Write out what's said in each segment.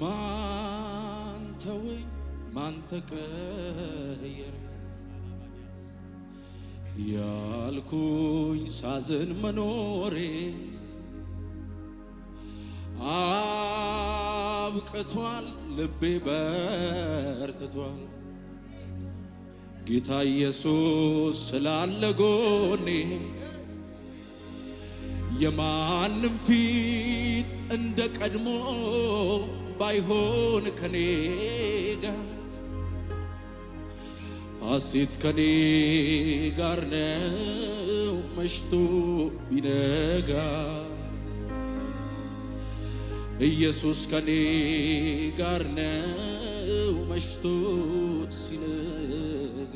ማንተወኝ ማንተቀየር ያልኩኝ ሳዝን መኖሬ አብቅቷል፣ ልቤ በርትቷል። ጌታ ኢየሱስ ስላለ ጎኔ የማንም ፊት እንደ ቀድሞ ባይሆን ከኔ ጋር ሐሴት ከኔ ጋር ነው መሽቶ ቢነጋ ኢየሱስ ከኔ ጋር ነው መሽቶ ሲነጋ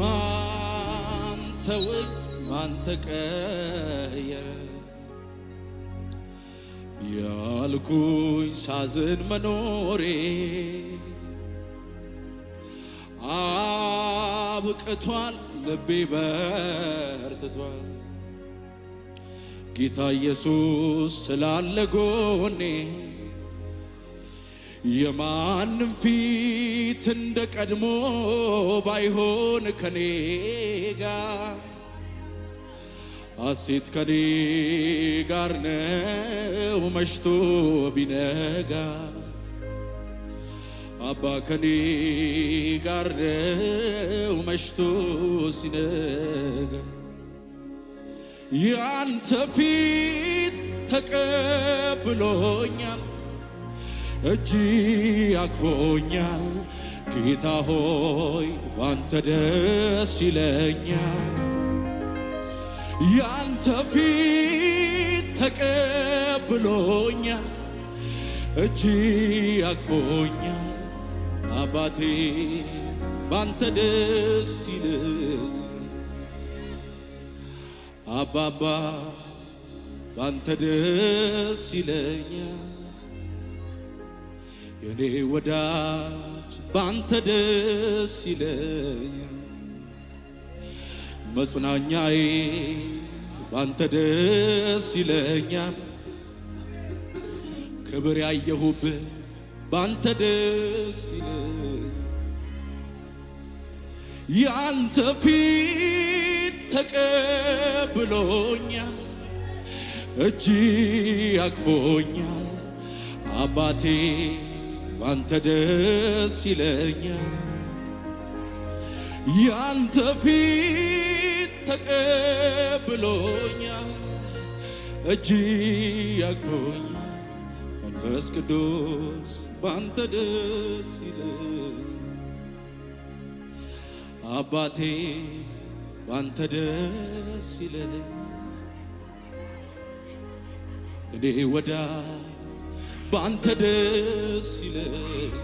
ማንተወኝ ማንተቀየረ ያልኩኝ ሳዝን መኖሬ አብቅቷል፣ ልቤ በርትቷል። ጌታ ኢየሱስ ስላለ ጎኔ የማንም ፊት እንደ ቀድሞ ባይሆን ከኔ ጋር ሐሴት ከኔ ጋር ነው መሽቶ ቢነጋ አባ ከኔ ጋር ነው መሽቶ ሲነጋ ያንተ ፊት ተቀብሎኛል እጅ አቅፎኛል ጌታ ሆይ ባንተ ደስ ይለኛል ያንተ ፊት ተቀብሎኛል፣ እጅ አቅፎኛል። አባቴ ባንተ ደስ ይል አባባ ባንተ ደስ ይለኛል። የኔ ወዳጅ ባንተ ደስ ይለኛል። መጽናኛዬ ባንተ ደስ ይለኛል። ክብር ያየሁብ ባንተ ደስ ይለኛል። ያንተ ፊት ተቀብሎኛል፣ እጅ አቅፎኛል። አባቴ ባንተ ደስ ይለኛል። ያንተ ፊት ተቀብሎኛል፣ እጅ ያቅፎኛል። መንፈስ ቅዱስ ባንተ ደስ ይለኛል፣ አባቴ ባንተ ደስ ይለኛል። እኔ ወዳጅ ባንተ ደስ ይለኛል።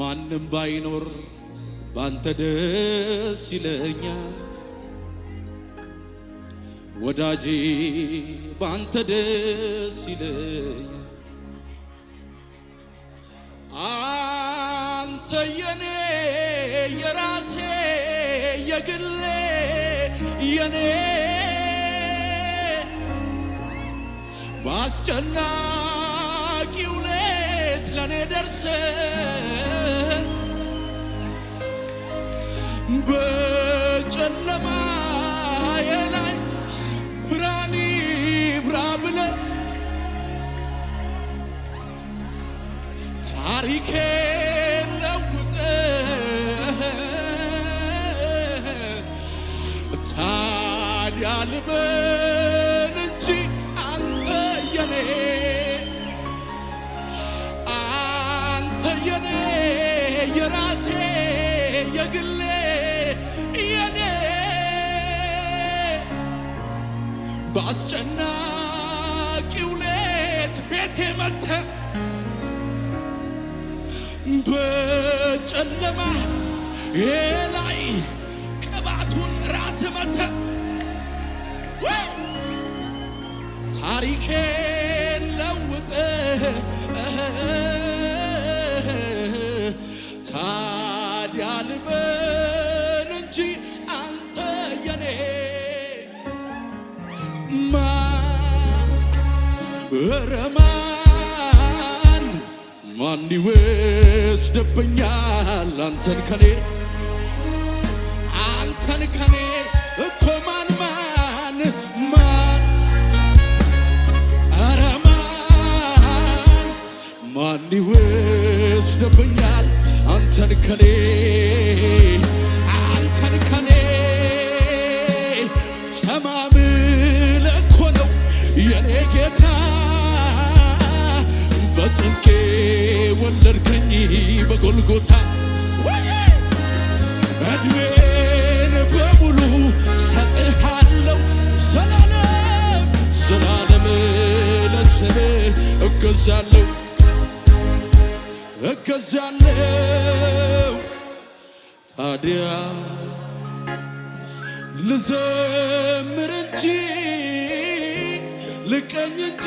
ማንም ባይኖር ባንተ ደስ ይለኛል ወዳጄ ባንተ ደስ ይለኛል አንተ የኔ የራሴ የግሌ የኔ በአስጨናቂ ውሌት ለእኔ ደርሰ በጨለማዬ ላይ ብርሃን ይብራ ብለ ታሪኬ ለውጥ ታዲያ ልበል አንተ የኔ የራሴ የግሌ በአስጨናቂ ሌት ቤቴ መተ በጨለማ የላይ ቅባቱን ራስ መተ ታሪኬ ማን ይወስድብኛል አንተን ከኔ አንተን ከኔ እኮ ማን ማን ማን ኧረ ማን ማን ይወስድብኛል አንተን ከኔ በጎልጎታ እድሜን በሙሉ ሰጥሃለው ዘላለም ዘላለም ለስሜ እገዛለው እገዛለው ታዲያ ልዘምር እንጂ ልቀኝ እንጂ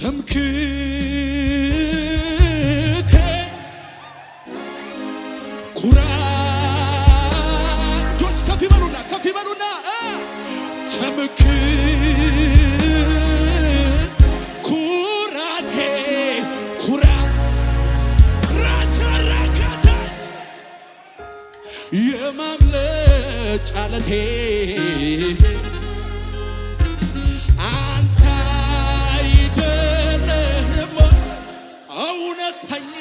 ትምክቴ ኩራጆች ከፍ ይበሉና ከፍ ይበሉና ትምክ ኩራቴ ኩራ ራቸረከተ የማምለጫ አለቴ ተኛ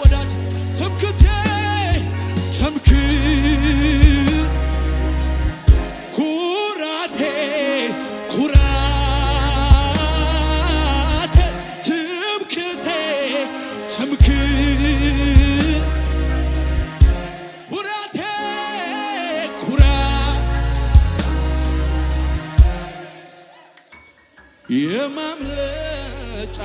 ወዳጅ ትምክቴ ተምክር ኩራቴ ኩራቴ ትምክቴ ኩራቴ ኩራ የማምለጫ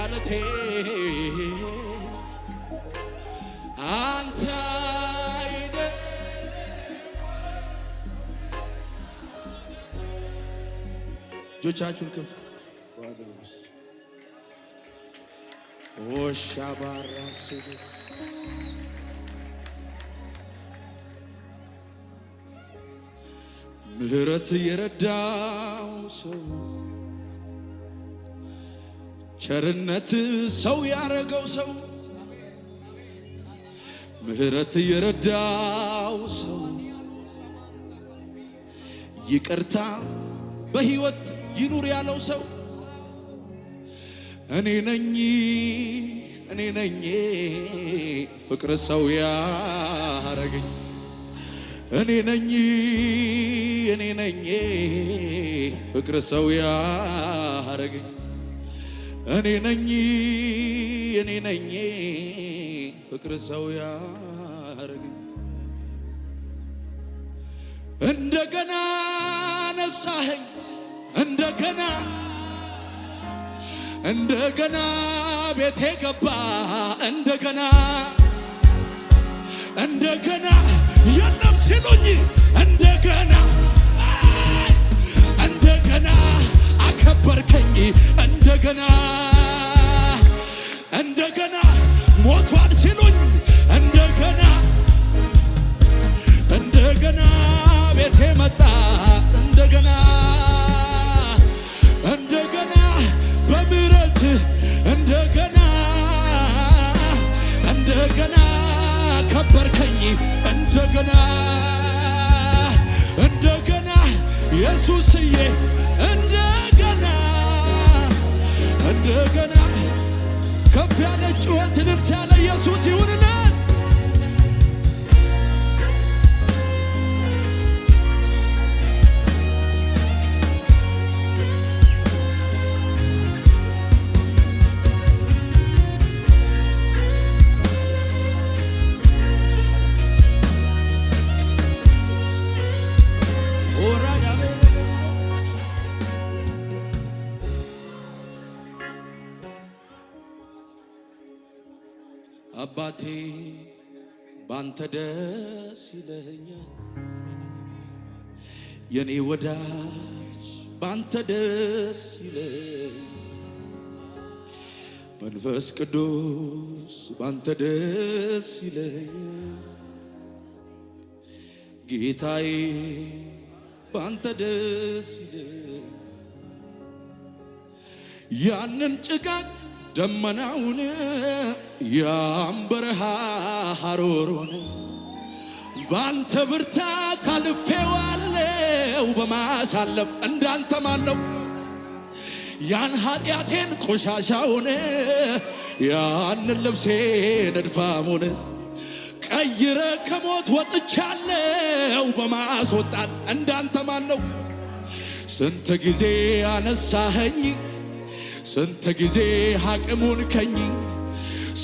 እጆቻችሁን ክፍ ሻባራስ ምህረት የረዳው ሰው ቸርነት ሰው ያረገው ሰው ምህረት የረዳው ሰው ይቅርታ በህይወት ይኑር ያለው ሰው እኔ ነኝ እኔ ነኝ ፍቅር ሰው ያረገኝ እኔ ነኝ እኔ ነኝ ፍቅር ሰው ያረገኝ እኔ ነኝ እኔ ነኝ ፍቅር ሰው ያረገኝ እንደገና ነሳኸኝ እንደገና እንደገና ቤቴ ገባ እንደገና እንደገና የለም ሲሉኝ እንደገና እንደገና አከበርከኝ እንደገና እንደገና ሞቷል ሲሉኝ እንደገና እንደገና ቤቴ መጣ እንደገና እንደገና እንደገና ከበርከኝ እንደገና እንደገና ኢየሱስዬ እንደገና እንደገና ከፍ ያለ ጩኸት ንብት ያለ ኢየሱስ ይሁንናል ባንተ ደስ ይለኛል የኔ ወዳጅ ባንተ ደስ ይለኛል መንፈስ ቅዱስ ባንተ ደስ ይለኛል ጌታዬ ባንተ ደስ ይለኛል ያንን ጭጋግ ደመናውን ያን በረሃ ሐሩሩን ባንተ ብርታት አልፌዋለው በማሳለፍ እንዳንተ ማነው ያን ኃጢአቴን ቆሻሻውን ያንን ልብሴን እድፋሙን ቀይረ ከሞት ወጥቻለው በማስወጣት እንዳንተ ማነው ስንት ጊዜ አነሳኸኝ ስንት ጊዜ ሀቅሙን ከኝ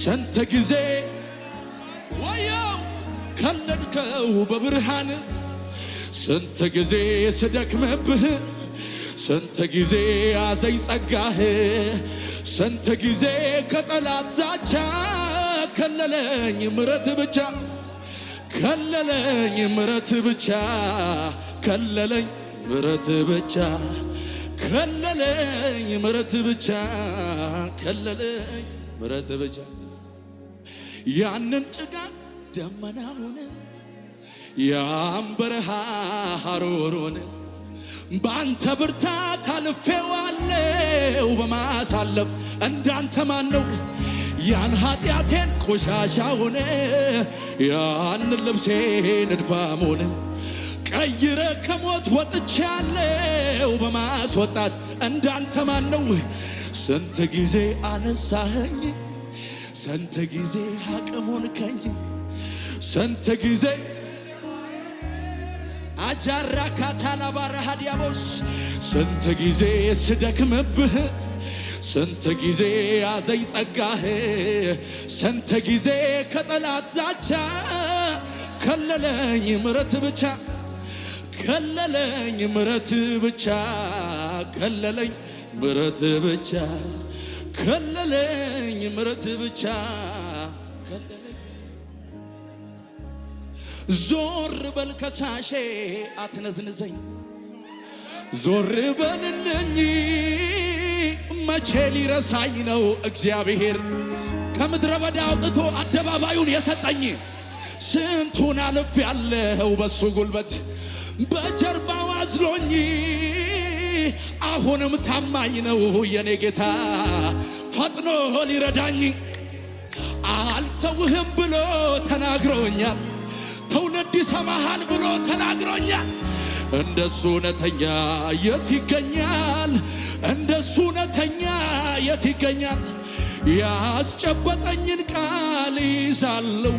ስንት ጊዜ ወየው ከለድከው በብርሃን ስንት ጊዜ ስደክመብህ ስንት ጊዜ አዘኝ ጸጋህ ስንት ጊዜ ከጠላት ዛቻ ከለለኝ ምረት ብቻ ከለለኝ ምረት ብቻ ከለለኝ ምረት ብቻ ከለለኝ ምረት ብቻ ከለለኝ ምረት ብቻ ያንን ጭጋግ ደመና ሆነ፣ ያም በረሃ ሐሩር ሆነ። በአንተ ብርታት አልፌዋለው በማሳለፍ እንዳንተ ማን ነው? ያን ኃጢአቴን ቆሻሻ ሆነ፣ ያንን ልብሴን ንድፋም ሆነ ቀይረ ከሞት ወጥቼ በማስወጣት እንዳንተ ማን ነው? ስንት ጊዜ አነሳኸኝ፣ ስንት ጊዜ አቅም ሆንከኝ፣ ስንት ጊዜ አጃራ ካታላባረ ሀዲያቦስ ስንት ጊዜ ስደክምብህ፣ ስንት ጊዜ አዘኝ ጸጋህ፣ ስንት ጊዜ ከጠላት ዛቻ ከለለኝ ምረት ብቻ ከለለኝ ምረት ብቻ ከለለኝ ምረት ብቻ ከለለኝ ምረት ብቻ ከለለኝ ዞር በል ከሳሼ አትነዝንዘኝ ዞር በልልኝ መቼ ሊረሳኝ ነው እግዚአብሔር ከምድረ በዳ አውጥቶ አደባባዩን የሰጠኝ ስንቱን አልፍ ያለው በሱ ጉልበት በጀርባው አዝሎኝ አሁንም ታማኝ ነው የኔ ጌታ ፈጥኖ ሊረዳኝ አልተውህም ብሎ ተናግሮኛል። ትውልድ ይሰማሃል ብሎ ተናግሮኛል። እንደሱ እውነተኛ የት ይገኛል? እንደሱ እውነተኛ የት ይገኛል? ያስጨበጠኝን ቃል ይዛለሁ፣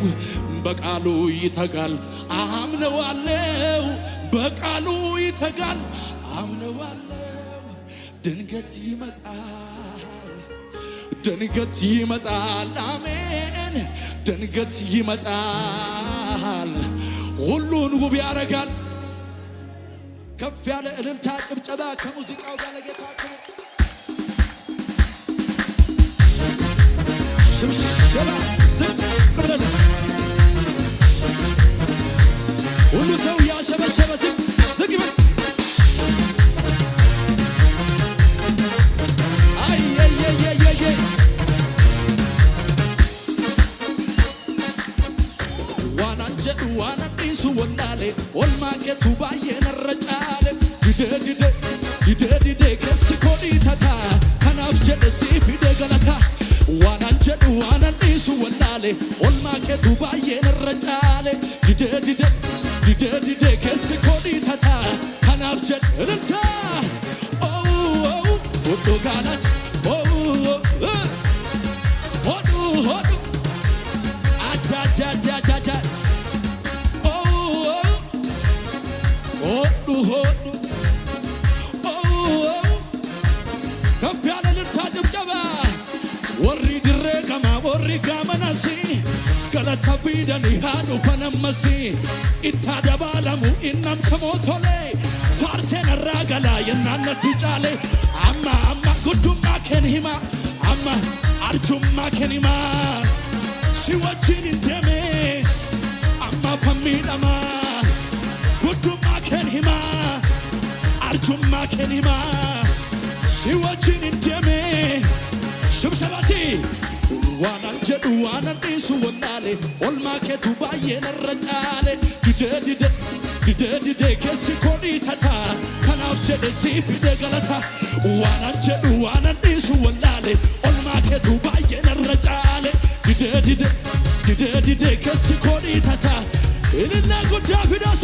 በቃሉ ይተጋል፣ አምነዋለሁ በቃሉ ይተጋል አምነዋለው። ድንገት ይመጣል፣ ድንገት ይመጣል፣ አሜን። ድንገት ይመጣል፣ ሁሉን ውብ ያደርጋል። ከፍ ያለ እልልታ፣ ጭብጨባ ከሙዚቃው ጋር ለጌታ ሽብሸባ ዝቅ ብለልስ Akka viidanii haadhu fanammasii itti adabaalamu innam kamootolee faarseen irraa galaa yennaan natti caalee amma amma guddummaa keen himaa amma arjummaa keen himaa si wajjin hin deemee ammaaf hammiidhamaa guddummaa keen himaa arjummaa keen himaa si wajjin hin deemee shubsabati. ዋናን ጀዱ ዋናን ዲሱ ወናሌ ኦልማኬቱ ባየነረጫሌ ድደድደ ድደድደ ኬሲ ኮኒ ተታ ከናፍ ጀደ ሲፊደ ገለታ ዋናን ጀዱ ዋናን ዲሱ ወናሌ ኦልማኬቱ ባየነረጫሌ ድደድደ ድደድደ ኬሲ ኮኒ ተታ እልና ጉዳ ፊዳሴ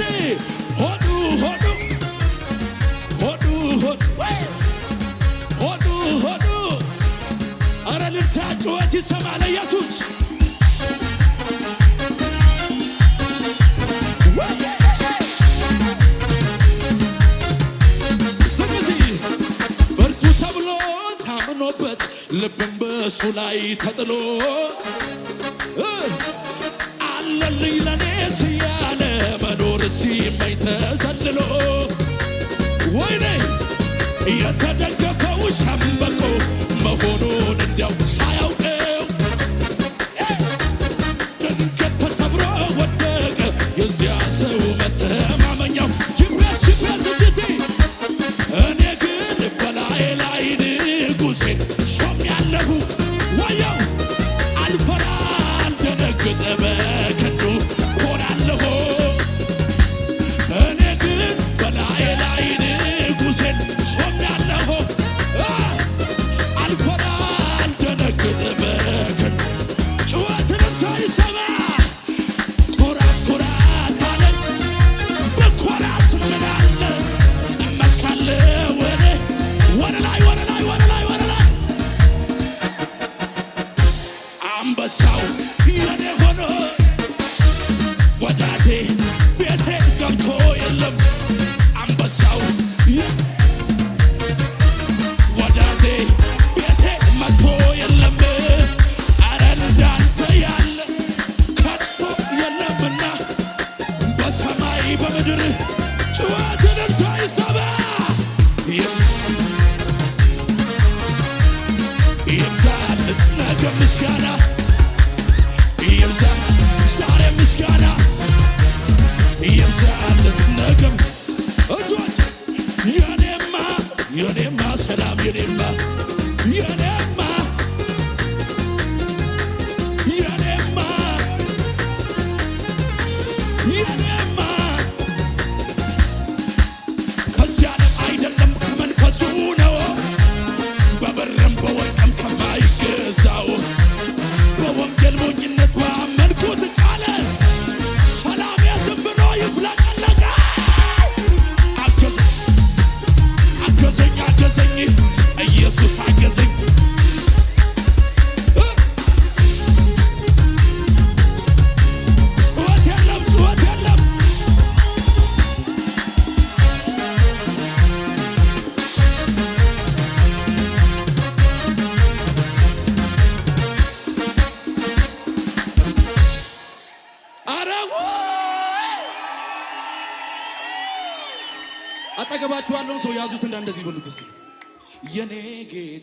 ሆዱ ሆዱ አረ ልልታ ጩኸት ይሰማ ለኢየሱስ በርቱ ተብሎ ታምኖበት ልብን በሱ ላይ ተጥሎ አለልኝ ለኔ ስያለ መኖር ሲመኝ ተሰልሎ ወይኔ የተደገፈው ሸምበቆ መሆኑን እንዲያው ሳያውቀው ድንገት ተሰብሮ ወደቀ የዚያ ሰው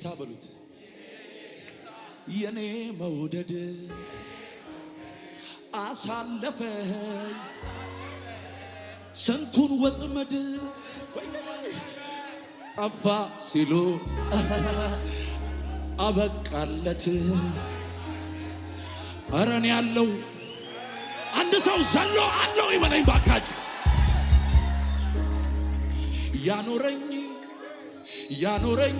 ጌታ በሉት። የኔ መውደድ አሳለፈኝ ስንቱን ወጥመድ ጠፋ ሲሉ አበቃለት። እረን ያለው አንድ ሰው ዘሎ አለው ይበለኝ ባካችሁ። ያኖረኝ ያኖረኝ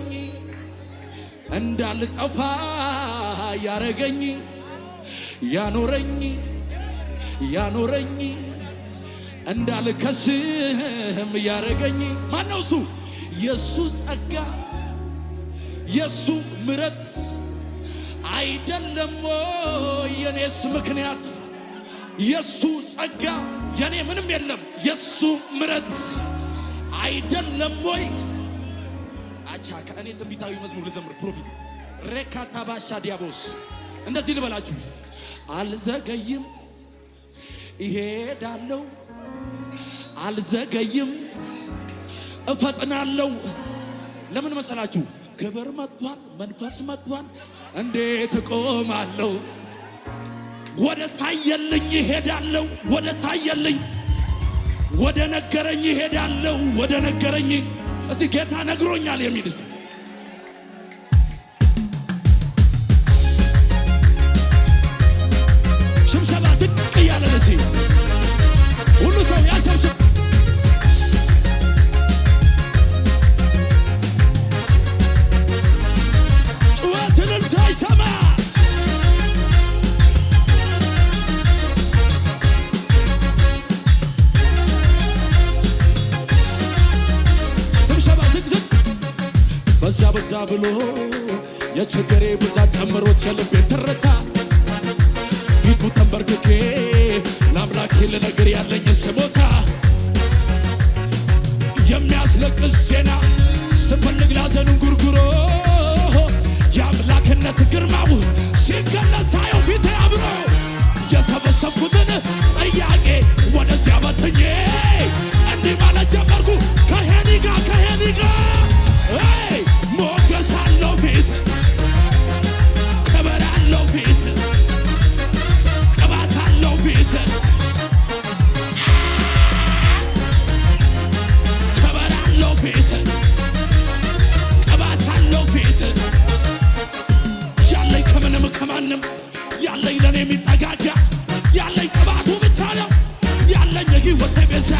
እንዳልጠፋ ያረገኝ ያኖረኝ ያኖረኝ እንዳልከስም ያረገኝ ማነው እሱ? የእሱ ጸጋ የእሱ ምረት አይደለም የኔስ ምክንያት የእሱ ጸጋ የኔ ምንም የለም የእሱ ምረት አይደለም ወይ አቻ ከእኔ ትንቢታዊ መዝሙር ልዘምር። ፕሮፊት ሬካታ ዲያቦስ እንደዚህ ልበላችሁ፣ አልዘገይም እሄዳለሁ፣ አልዘገይም እፈጥናለሁ። ለምን መሰላችሁ? ክብር መጥቷል፣ መንፈስ መጥቷል። እንዴት እቆማለሁ? ወደ ታየልኝ እሄዳለሁ፣ ወደ ታየልኝ፣ ወደ ነገረኝ እሄዳለሁ፣ ወደ ነገረኝ እስቲ ጌታ ነግሮኛል የሚል እስቲ የኔ ብዛት ጨምሮት የልቤን ትርታ ፊቱ ተንበርክኬ ለአምላኬ ልነግር ያለኝ ስሞታ የሚያስለቅስ ዜና ስፈልግ ላዘኑ ጉርጉሮ የአምላክነት ግርማው ሲገለጽ ፊት አብሮ የሰበሰብኩትን ጥያቄ ወደዚያ በትኜ እንዲህ ማለት ጀመርኩ ከሄኒ ጋር ከሄኒ ጋር ሞገሳለው ፊት አለው ፊት ቅባት አለው ፊት ክብር አለው ፊት ያለኝ ከምንም ከማንም ያለኝ ለኔ የሚጠጋጋ ያለኝ ቅባቱ ብቻ ነው ያለኝ የህይወቴ ቤዛ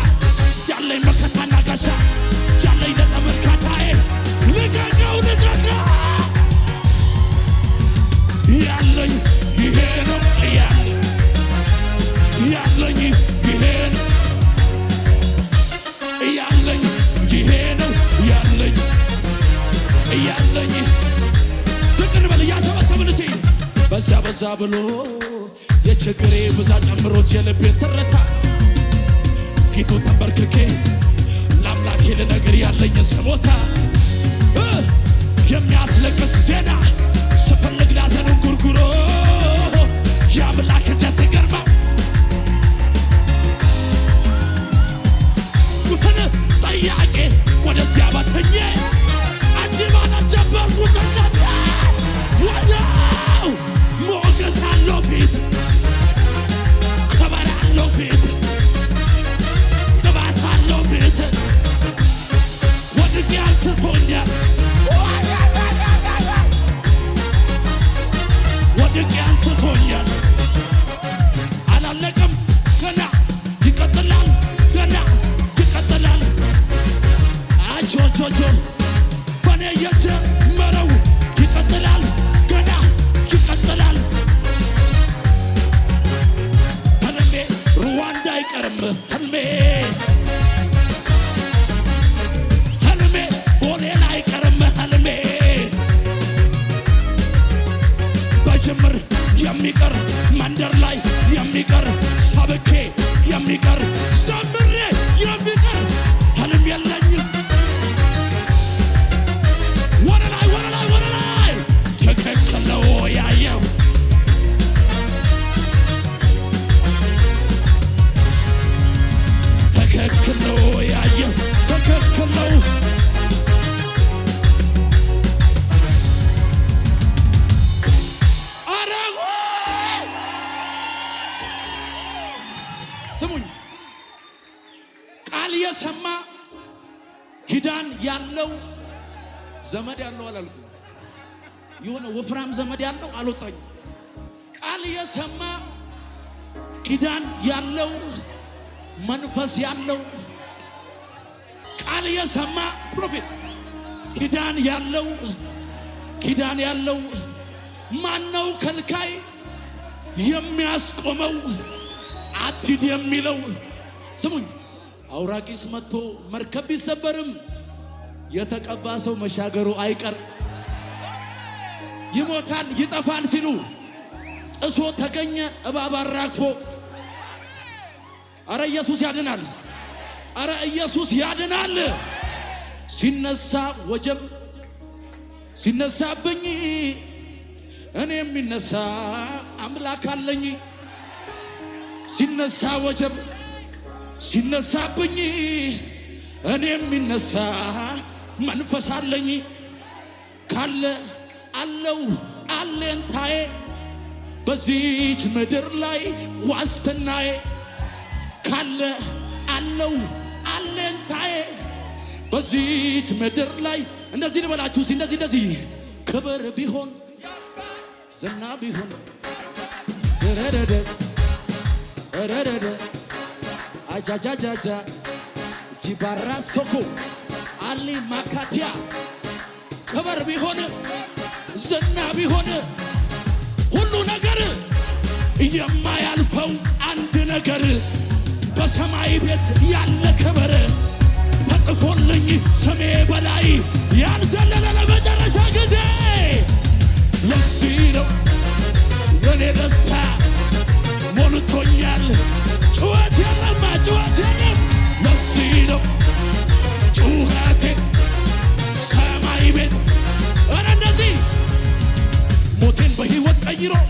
በዛ ብሎ የችግሬ ብዛ ጨምሮት የልቤን ትርታ ፊቱ ተንበርክኬ ለአምላኬ ልነግር ያለኝ ስሞታ የሚያስለቅስ ዜና ስፈልግ ላዘኑን ጉርጉሮ የአምላክነት ገርማ ጥያቄ ወደዚያ ባተኘ አንድ ባላጀበር ውጥና mi carro. ኪዳን ያለው ማነው ከልካይ የሚያስቆመው አትሂድ የሚለው ስሙኝ አውራቂስ ቂስ መጥቶ መርከብ ቢሰበርም የተቀባ ሰው መሻገሩ አይቀር ይሞታል ይጠፋል ሲሉ ጥሶ ተገኘ እባብ አራግፎ አረ ኢየሱስ ያድናል አረ ኢየሱስ ያድናል ሲነሳ ወጀብ ሲነሳብኝ እኔ የሚነሳ አምላክ አለኝ። ሲነሳ ወጀብ ሲነሳብኝ እኔ የሚነሳ መንፈስ አለኝ። ካለ አለው አለንታዬ በዚች ምድር ላይ ዋስትናዬ ካለ አለው አለንታዬ በዚች ምድር ላይ እንደዚህ ልበላችሁ። እዚህ እንደዚህ እንደዚህ ክብር ቢሆን ዝና ቢሆን ረደደ ረደደ አጃጃጃጃ ጂባራ ስቶኮ አሊ ማካቲያ ክብር ቢሆን ዝና ቢሆን ሁሉ ነገር የማያልፈው አንድ ነገር በሰማይ ቤት ያለ ክብር ጽፎልኝ ስሜ በላይ ያልዘለለ ለመጨረሻ ጊዜ ለዚህ ነው የኔ ደስታ ሞልቶኛል። ጩኸት የለማ ጩኸት የለም። ለዚህ ነው ጩኸቴ ሰማይ ቤት እረ እንደዚህ ሞቴን በሕይወት ቀይሮ